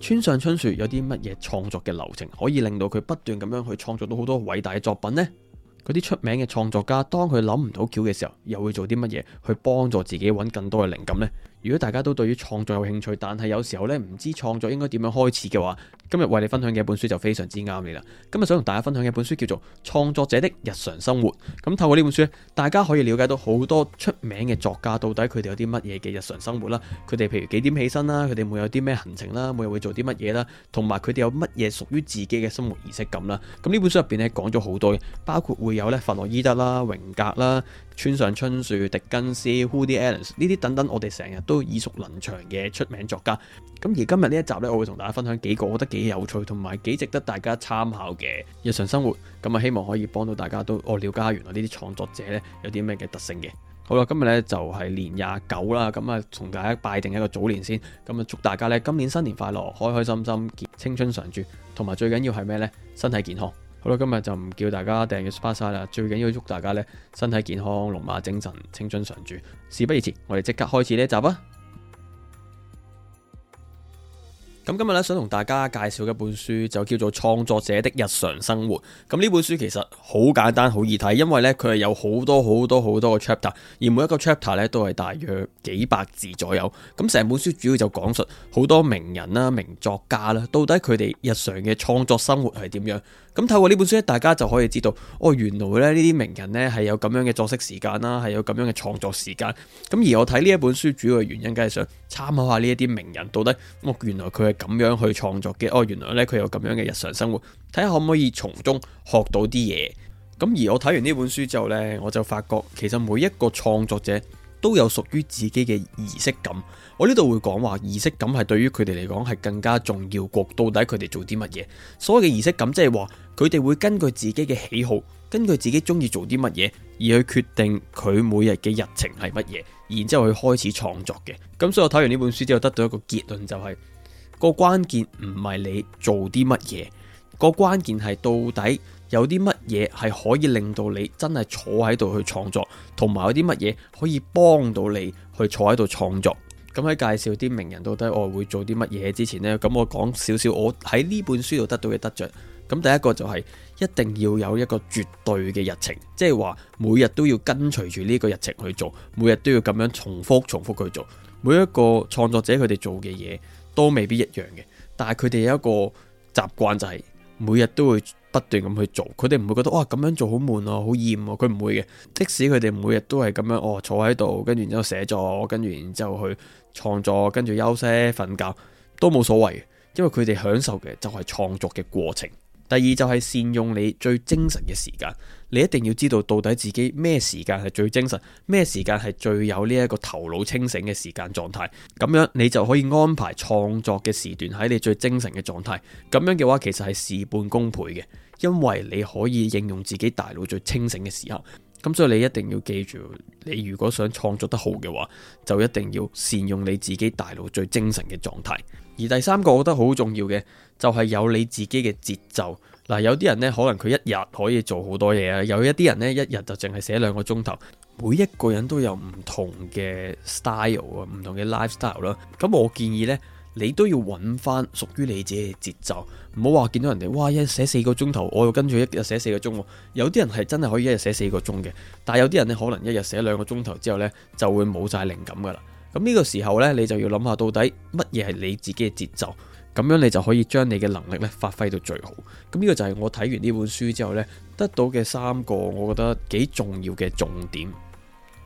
村上春樹有啲乜嘢創作嘅流程可以令到佢不斷咁樣去創作到好多偉大嘅作品呢？嗰啲出名嘅創作家，當佢諗唔到橋嘅時候，又會做啲乜嘢去幫助自己揾更多嘅靈感呢？如果大家都對於創作有興趣，但係有時候咧唔知創作應該點樣開始嘅話，今日為你分享嘅一本書就非常之啱你啦。今日想同大家分享嘅一本書叫做《創作者的日常生活》。咁透過呢本書，大家可以了解到好多出名嘅作家到底佢哋有啲乜嘢嘅日常生活啦。佢哋譬如幾點起身啦，佢哋會有啲咩行程啦，每日會做啲乜嘢啦，同埋佢哋有乜嘢屬於自己嘅生活儀式感啦。咁呢本書入邊咧講咗好多嘅，包括會有咧弗洛伊德啦、榮格啦。村上春樹、狄更斯、Woody Allen 呢啲等等，我哋成日都耳熟能詳嘅出名作家。咁而今日呢一集呢，我會同大家分享幾個我覺得幾有趣，同埋幾值得大家參考嘅日常生活。咁啊，希望可以幫到大家都我了解下原來呢啲創作者呢，有啲咩嘅特性嘅。好啦，今日呢就係年廿九啦，咁啊同大家拜定一個早年先。咁啊祝大家呢今年新年快樂，開開心心，結青春常駐，同埋最緊要係咩呢？身體健康。好啦，今日就唔叫大家訂閱 s p a s 啦。最緊要祝大家咧身體健康、龍馬精神、青春常駐。事不宜遲，我哋即刻開始呢一集啊！咁今日咧想同大家介紹一本書，就叫做《創作者的日常生活》。咁呢本書其實好簡單，好易睇，因為咧佢係有好多好多好多個 chapter，而每一個 chapter 咧都係大約幾百字左右。咁成本書主要就講述好多名人啦、名作家啦，到底佢哋日常嘅創作生活係點樣？咁透過呢本書咧，大家就可以知道，哦，原來咧呢啲名人呢，係有咁樣嘅作息時間啦，係有咁樣嘅創作時間。咁而我睇呢一本書主要嘅原因，梗係想參考下呢一啲名人到底，哦，原來佢。咁樣去創作嘅，哦，原來呢，佢有咁樣嘅日常生活，睇下可唔可以從中學到啲嘢。咁而我睇完呢本書之後呢，我就發覺其實每一個創作者都有屬於自己嘅儀式感。我呢度會講話儀式感係對於佢哋嚟講係更加重要過到底佢哋做啲乜嘢。所謂嘅儀式感，即係話佢哋會根據自己嘅喜好，根據自己中意做啲乜嘢而去決定佢每日嘅日程係乜嘢，然之後去開始創作嘅。咁所以我睇完呢本書之後得到一個結論就係。個關鍵唔係你做啲乜嘢，個關鍵係到底有啲乜嘢係可以令到你真係坐喺度去創作，同埋有啲乜嘢可以幫到你去坐喺度創作。咁喺介紹啲名人到底我會做啲乜嘢之前呢，咁我講少少。我喺呢本書度得到嘅得着，咁第一個就係一定要有一個絕對嘅日程，即係話每日都要跟隨住呢個日程去做，每日都要咁樣重複重複去做。每一個創作者佢哋做嘅嘢都未必一樣嘅，但係佢哋有一個習慣就係每日都會不斷咁去做，佢哋唔會覺得哇咁樣做好悶啊，好厭哦，佢唔會嘅。即使佢哋每日都係咁樣哦坐喺度，跟住然之後寫作，跟住然之後去創作，跟住休息瞓覺都冇所謂，因為佢哋享受嘅就係創作嘅過程。第二就係善用你最精神嘅時間，你一定要知道到底自己咩時間係最精神，咩時間係最有呢一個頭腦清醒嘅時間狀態。咁樣你就可以安排創作嘅時段喺你最精神嘅狀態。咁樣嘅話，其實係事半功倍嘅，因為你可以應用自己大腦最清醒嘅時候。咁所以你一定要記住，你如果想創作得好嘅話，就一定要善用你自己大腦最精神嘅狀態。而第三個我覺得好重要嘅，就係有你自己嘅節奏。嗱，有啲人呢，可能佢一日可以做好多嘢啊，有一啲人呢，一日就淨係寫兩個鐘頭。每一個人都有唔同嘅 style 啊，唔同嘅 lifestyle 啦。咁我建議呢，你都要揾翻屬於你自己嘅節奏，唔好話見到人哋哇一日寫四個鐘頭，我又跟住一日寫四個鐘。有啲人係真係可以一日寫四個鐘嘅，但係有啲人呢，可能一日寫兩個鐘頭之後呢，就會冇晒靈感噶啦。咁呢個時候呢，你就要諗下到底乜嘢係你自己嘅節奏，咁樣你就可以將你嘅能力咧發揮到最好。咁、這、呢個就係我睇完呢本書之後呢，得到嘅三個我覺得幾重要嘅重點。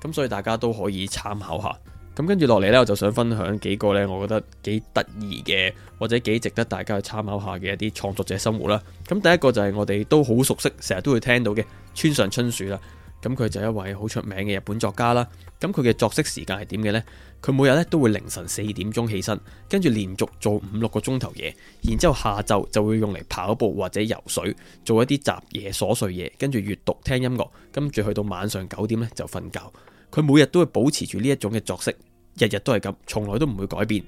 咁所以大家都可以參考下。咁跟住落嚟呢，我就想分享幾個呢我覺得幾得意嘅或者幾值得大家去參考下嘅一啲創作者生活啦。咁第一個就係我哋都好熟悉，成日都會聽到嘅村上春樹啦。咁佢就一位好出名嘅日本作家啦。咁佢嘅作息時間係點嘅呢？佢每日咧都會凌晨四點鐘起身，跟住連續做五六個鐘頭嘢，然之後下晝就會用嚟跑步或者游水，做一啲雜嘢瑣碎嘢，跟住閱讀聽音樂，跟住去到晚上九點咧就瞓覺。佢每日都會保持住呢一種嘅作息，日日都係咁，從來都唔會改變。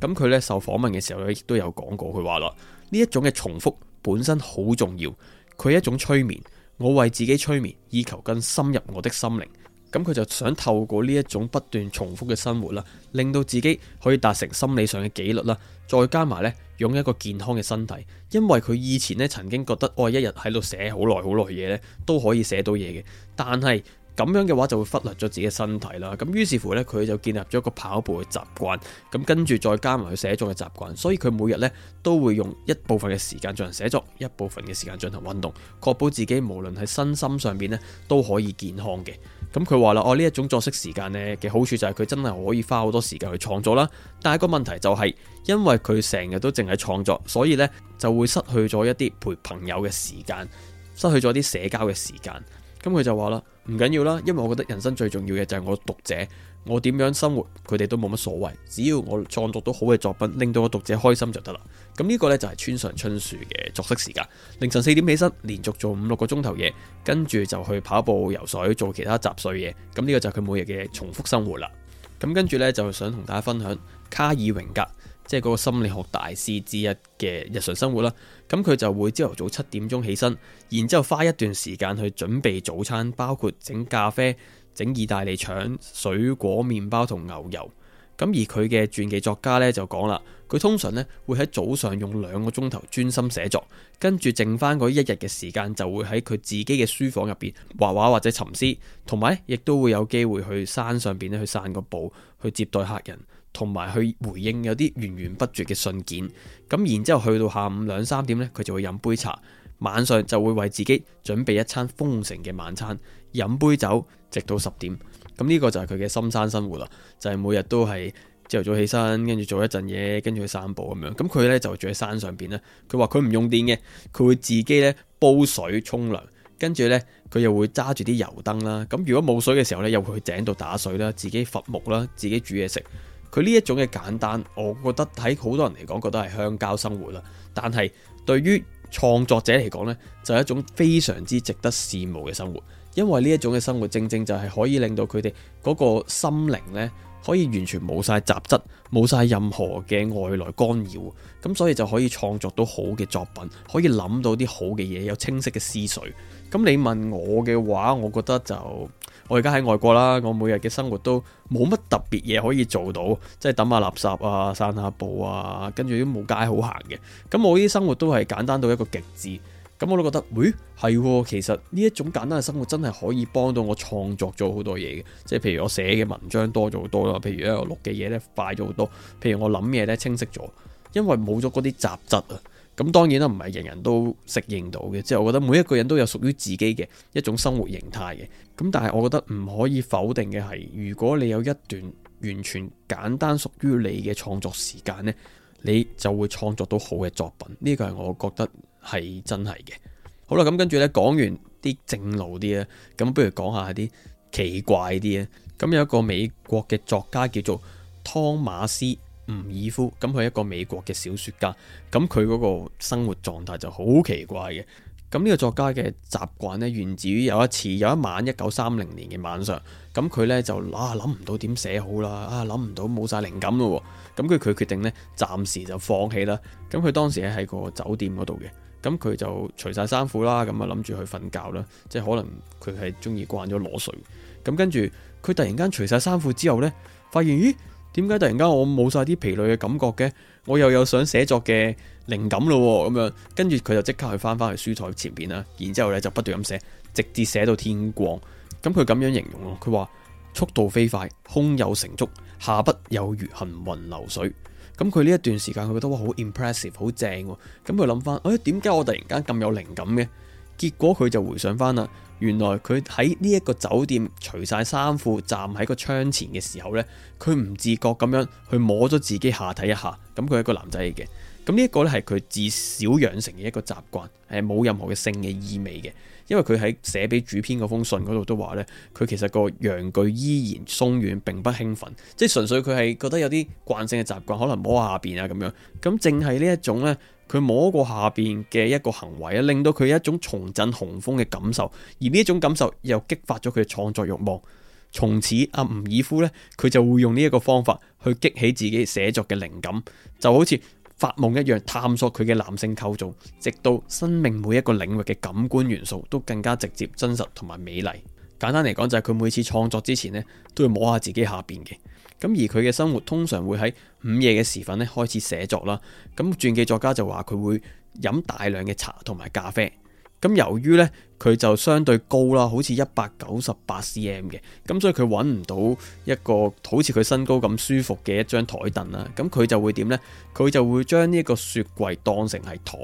咁佢咧受訪問嘅時候咧，亦都有講過，佢話咯，呢一種嘅重複本身好重要，佢係一種催眠。我為自己催眠，以求更深入我的心靈。咁佢就想透過呢一種不斷重複嘅生活啦，令到自己可以達成心理上嘅紀律啦，再加埋呢，擁一個健康嘅身體。因為佢以前呢曾經覺得我一日喺度寫好耐好耐嘢呢都可以寫到嘢嘅，但係。咁樣嘅話就會忽略咗自己嘅身體啦。咁於是乎呢，佢就建立咗一個跑步嘅習慣。咁跟住再加埋佢寫作嘅習慣，所以佢每日呢，都會用一部分嘅時間進行寫作，一部分嘅時間進行運動，確保自己無論喺身心上邊呢，都可以健康嘅。咁佢話啦，我呢一種作息時間呢嘅好處就係佢真係可以花好多時間去創作啦。但係個問題就係，因為佢成日都淨係創作，所以呢，就會失去咗一啲陪朋友嘅時間，失去咗啲社交嘅時間。咁佢就話啦，唔緊要啦，因為我覺得人生最重要嘅就係我讀者，我點樣生活，佢哋都冇乜所謂，只要我創作到好嘅作品，令到我讀者開心就得啦。咁呢個呢，就係村上春樹嘅作息時間，凌晨四點起身，連續做五六個鐘頭嘢，跟住就去跑步、游水，做其他雜碎嘢。咁呢個就係佢每日嘅重複生活啦。咁跟住呢，就想同大家分享卡爾榮格。即係嗰個心理學大師之一嘅日常生活啦，咁佢就會朝頭早七點鐘起身，然之後花一段時間去準備早餐，包括整咖啡、整意大利腸、水果麵包同牛油。咁而佢嘅傳記作家呢，就講啦，佢通常呢會喺早上用兩個鐘頭專心寫作，跟住剩翻嗰一日嘅時間就會喺佢自己嘅書房入邊畫畫或者沉思，同埋亦都會有機會去山上邊咧去散個步，去接待客人。同埋去回應有啲源源不絕嘅信件，咁然之後去到下午兩三點呢，佢就會飲杯茶。晚上就會為自己準備一餐豐盛嘅晚餐，飲杯酒，直到十點。咁呢個就係佢嘅深山生活啦，就係每日都係朝頭早起身，跟住做一陣嘢，跟住去散步咁樣。咁佢呢就會住喺山上邊咧。佢話佢唔用電嘅，佢會自己呢煲水沖涼，跟住呢，佢又會揸住啲油燈啦。咁如果冇水嘅時候呢，又會去井度打水啦，自己伐木啦，自己煮嘢食。佢呢一種嘅簡單，我覺得喺好多人嚟講覺得係鄉郊生活啦，但係對於創作者嚟講呢就係一種非常之值得羨慕嘅生活，因為呢一種嘅生活正正就係可以令到佢哋嗰個心靈呢，可以完全冇晒雜質，冇晒任何嘅外來干擾，咁所以就可以創作到好嘅作品，可以諗到啲好嘅嘢，有清晰嘅思緒。咁你問我嘅話，我覺得就。我而家喺外國啦，我每日嘅生活都冇乜特別嘢可以做到，即係抌下垃圾啊、散下步啊，跟住都冇街好行嘅。咁我啲生活都係簡單到一個極致，咁我都覺得，會、欸、係其實呢一種簡單嘅生活真係可以幫到我創作咗好多嘢嘅，即係譬如我寫嘅文章多咗好多啦，譬如咧我錄嘅嘢咧快咗好多，譬如我諗嘢咧清晰咗，因為冇咗嗰啲雜質啊。咁當然啦，唔係人人都適應到嘅，即係我覺得每一個人都有屬於自己嘅一種生活形態嘅。咁但係我覺得唔可以否定嘅係，如果你有一段完全簡單屬於你嘅創作時間呢，你就會創作到好嘅作品。呢個係我覺得係真係嘅。好啦，咁跟住呢講完啲正路啲咧，咁不如講下啲奇怪啲咧。咁有一個美國嘅作家叫做湯馬斯吳爾夫，咁佢係一個美國嘅小說家，咁佢嗰個生活狀態就好奇怪嘅。咁呢個作家嘅習慣咧，源自於有一次有一晚一九三零年嘅晚上，咁佢呢就啊，諗唔到點寫好啦，啊，諗唔到冇晒靈感咯。咁所以佢決定呢，暫時就放棄啦。咁佢當時係喺個酒店嗰度嘅，咁佢就除晒衫褲啦，咁，啊諗住去瞓覺啦，即係可能佢係中意慣咗裸睡。咁跟住佢突然間除晒衫褲之後呢，發現咦？點解突然間我冇晒啲疲累嘅感覺嘅？我又有想寫作嘅靈感咯、哦，咁樣跟住佢就即刻去翻翻去書檯前邊啦。然之後咧就不斷咁寫，直至寫到天光。咁佢咁樣形容咯，佢話速度飛快，胸有成竹，下筆有如行雲流水。咁佢呢一段時間佢覺得好 impressive，好正。咁佢諗翻，誒，點解我突然間咁有靈感嘅？結果佢就回想翻啦，原來佢喺呢一個酒店除晒衫褲站喺個窗前嘅時候呢，佢唔自覺咁樣去摸咗自己下體一下。咁佢係一個男仔嚟嘅，咁呢一個咧係佢自小養成嘅一個習慣，係冇任何嘅性嘅意味嘅。因為佢喺寫俾主編嗰封信嗰度都話呢，佢其實個陽具依然鬆軟，並不興奮，即係純粹佢係覺得有啲慣性嘅習慣，可能摸下邊啊咁樣。咁正係呢一種呢，佢摸過下邊嘅一個行為啊，令到佢有一種重振雄風嘅感受，而呢種感受又激發咗佢嘅創作欲望。從此阿吳爾夫呢，佢就會用呢一個方法去激起自己寫作嘅靈感，就好似，發夢一樣探索佢嘅男性構造，直到生命每一個領域嘅感官元素都更加直接、真實同埋美麗。簡單嚟講就係佢每次創作之前呢，都會摸下自己下邊嘅。咁而佢嘅生活通常會喺午夜嘅時分咧開始寫作啦。咁傳記作家就話佢會飲大量嘅茶同埋咖啡。咁由於呢，佢就相對高啦，好似一百九十八 cm 嘅、嗯，咁所以佢揾唔到一個好似佢身高咁舒服嘅一張台凳啦。咁、嗯、佢就會點呢？佢就會將呢一個雪櫃當成係台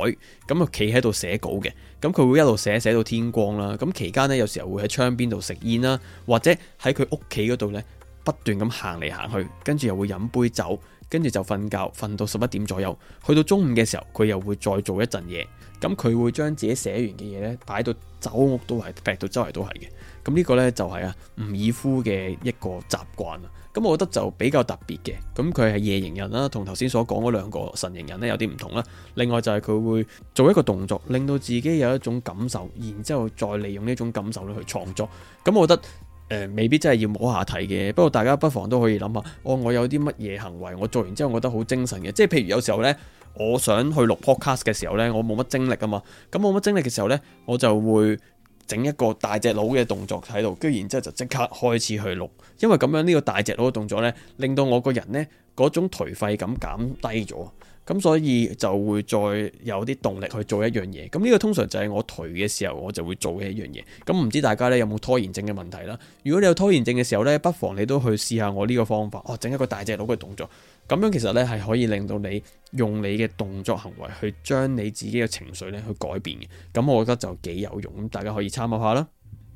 咁啊，企喺度寫稿嘅。咁、嗯、佢會一路寫寫到天光啦。咁、嗯、期間呢，有時候會喺窗邊度食煙啦，或者喺佢屋企嗰度呢，不斷咁行嚟行去，跟住又會飲杯酒。跟住就瞓覺，瞓到十一點左右。去到中午嘅時候，佢又會再做一陣嘢。咁佢會將自己寫完嘅嘢呢，擺到周屋都係，擺到周圍都係嘅。咁呢個呢就係啊，吳爾夫嘅一個習慣啊。咁我覺得就比較特別嘅。咁佢係夜型人啦，同頭先所講嗰兩個晨型人呢有啲唔同啦。另外就係佢會做一個動作，令到自己有一種感受，然之後再利用呢種感受咧去創作。咁我覺得。誒、呃、未必真係要摸下睇嘅，不過大家不妨都可以諗下，哦，我有啲乜嘢行為，我做完之後我覺得好精神嘅，即係譬如有時候呢，我想去錄 podcast 嘅時候呢，我冇乜精力啊嘛，咁冇乜精力嘅時候呢，我就會整一個大隻佬嘅動作喺度，跟住然之後就即刻開始去錄，因為咁樣呢、呢個大隻佬嘅動作呢，令到我個人呢嗰種頹廢感減低咗。咁所以就會再有啲動力去做一樣嘢。咁呢個通常就係我頹嘅時候我就會做嘅一樣嘢。咁唔知大家咧有冇拖延症嘅問題啦？如果你有拖延症嘅時候咧，不妨你都去試下我呢個方法。哦，整一個大隻佬嘅動作，咁樣其實咧係可以令到你用你嘅動作行為去將你自己嘅情緒咧去改變嘅。咁我覺得就幾有用。咁大家可以參考下啦。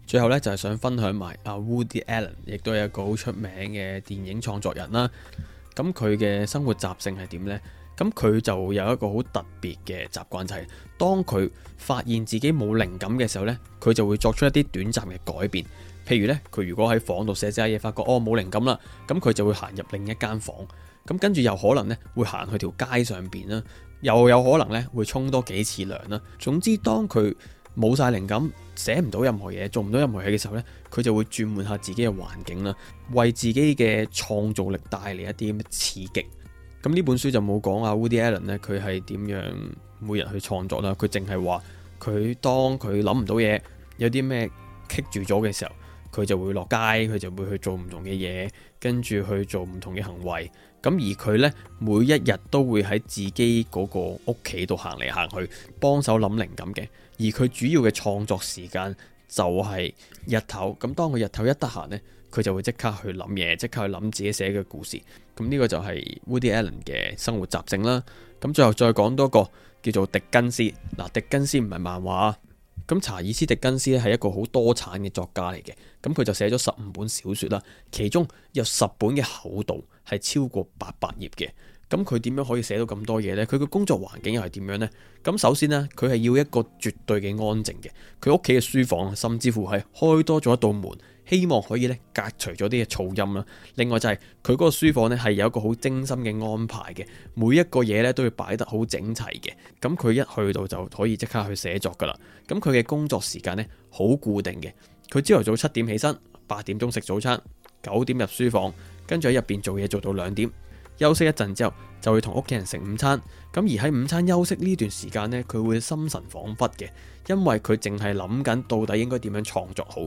最後咧就係、是、想分享埋阿 Woody Allen，亦都係一個好出名嘅電影創作人啦。咁佢嘅生活習性係點呢？咁佢就有一個好特別嘅習慣，就係當佢發現自己冇靈感嘅時候，呢佢就會作出一啲短暫嘅改變。譬如呢，佢如果喺房度寫寫嘢，發覺哦冇靈感啦，咁佢就會行入另一間房。咁跟住又可能呢會行去條街上邊啦，又有可能呢會沖多幾次涼啦。總之，當佢冇晒靈感、寫唔到任何嘢、做唔到任何嘢嘅時候，呢佢就會轉換下自己嘅環境啦，為自己嘅創造力帶嚟一啲刺激。咁呢本書就冇講啊，Woody Allen 呢佢係點樣每日去創作啦？佢淨係話佢當佢諗唔到嘢，有啲咩棘住咗嘅時候，佢就會落街，佢就會去做唔同嘅嘢，跟住去做唔同嘅行為。咁而佢呢，每一日都會喺自己嗰個屋企度行嚟行去，幫手諗靈感嘅。而佢主要嘅創作時間，就係日頭，咁當佢日頭一得閒呢，佢就會即刻去諗嘢，即刻去諗自己寫嘅故事。咁呢個就係 Woody Allen 嘅生活習性啦。咁最後再講多一個叫做狄根斯。嗱，狄根斯唔係漫畫。咁查爾斯狄根斯咧係一個好多產嘅作家嚟嘅。咁佢就寫咗十五本小說啦，其中有十本嘅厚度係超過八百頁嘅。咁佢點樣可以寫到咁多嘢呢？佢個工作環境又係點樣呢？咁首先呢，佢係要一個絕對嘅安靜嘅。佢屋企嘅書房，甚至乎係開多咗一道門，希望可以咧隔除咗啲噪音啦。另外就係佢嗰個書房呢係有一個好精心嘅安排嘅。每一個嘢咧都要擺得好整齊嘅。咁佢一去到就可以即刻去寫作噶啦。咁佢嘅工作時間呢好固定嘅。佢朝頭早七點起身，八點鐘食早餐，九點入書房，跟住喺入邊做嘢做到兩點。休息一陣之後，就會同屋企人食午餐。咁而喺午餐休息呢段時間呢，佢會心神恍惚嘅，因為佢淨係諗緊到底應該點樣創作好。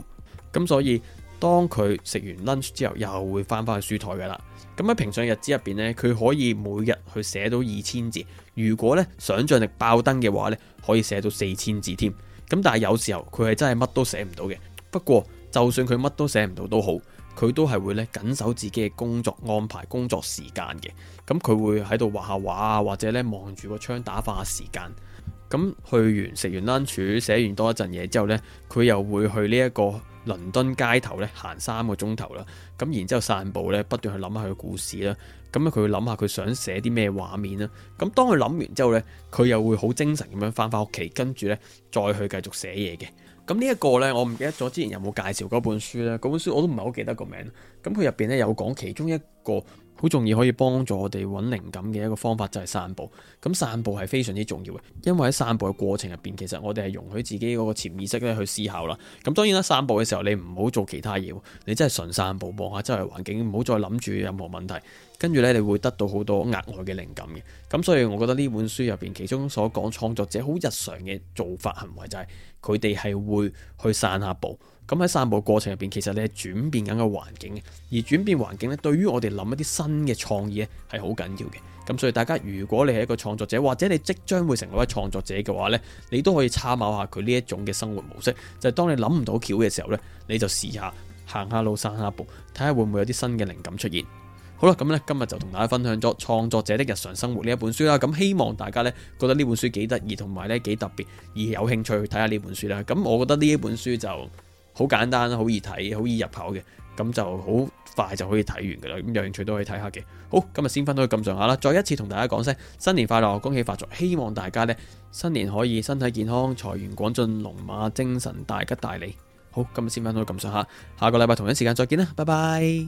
咁所以當佢食完 lunch 之後，又會翻返去書台㗎喇。咁喺平常日子入邊呢，佢可以每日去寫到二千字。如果呢想像力爆燈嘅話呢，可以寫到四千字添。咁但係有時候佢係真係乜都寫唔到嘅。不過就算佢乜都寫唔到都好。佢都係會咧緊守自己嘅工作安排、工作時間嘅，咁佢會喺度畫下畫啊，或者咧望住個窗打發下時間。咁去完食完 lunch，寫完多一陣嘢之後呢，佢又會去呢一個倫敦街頭咧行三個鐘頭啦。咁然之後散步咧，不斷去諗下佢故事啦。咁咧佢會諗下佢想寫啲咩畫面啦。咁當佢諗完之後呢，佢又會好精神咁樣返返屋企，跟住呢再去繼續寫嘢嘅。咁呢一個呢，我唔記得咗之前有冇介紹嗰本書呢，嗰本書我都唔係好記得個名。咁佢入邊呢，有講其中一個好重要可以幫助我哋揾靈感嘅一個方法就係散步。咁散步係非常之重要嘅，因為喺散步嘅過程入邊，其實我哋係容許自己嗰個潛意識咧去思考啦。咁當然啦，散步嘅時候你唔好做其他嘢，你真係純散步，望下周圍環境，唔好再諗住任何問題。跟住咧，你會得到好多額外嘅靈感嘅。咁所以，我覺得呢本書入邊，其中所講創作者好日常嘅做法行為，就係佢哋係會去散下步。咁喺散步過程入邊，其實你係轉變緊個環境嘅。而轉變環境咧，對於我哋諗一啲新嘅創意咧，係好緊要嘅。咁所以，大家如果你係一個創作者，或者你即將會成為一個創作者嘅話咧，你都可以參考下佢呢一種嘅生活模式。就係、是、當你諗唔到橋嘅時候咧，你就試下行下路、散下步，睇下會唔會有啲新嘅靈感出現。好啦，咁呢，今日就同大家分享咗《創作者的日常生活》呢一本書啦。咁希望大家呢，覺得呢本書幾得意，同埋呢幾特別而有興趣去睇下呢本書啦。咁我覺得呢一本書就好簡單，好易睇，好易入口嘅，咁就好快就可以睇完噶啦。咁有興趣都可以睇下嘅。好，今日先分享到咁上下啦，再一次同大家講聲新年快樂，恭喜發財！希望大家呢，新年可以身體健康，財源廣進，龍馬精神，大吉大利。好，今日先分享到咁上下，下個禮拜同一時間再見啦，拜拜。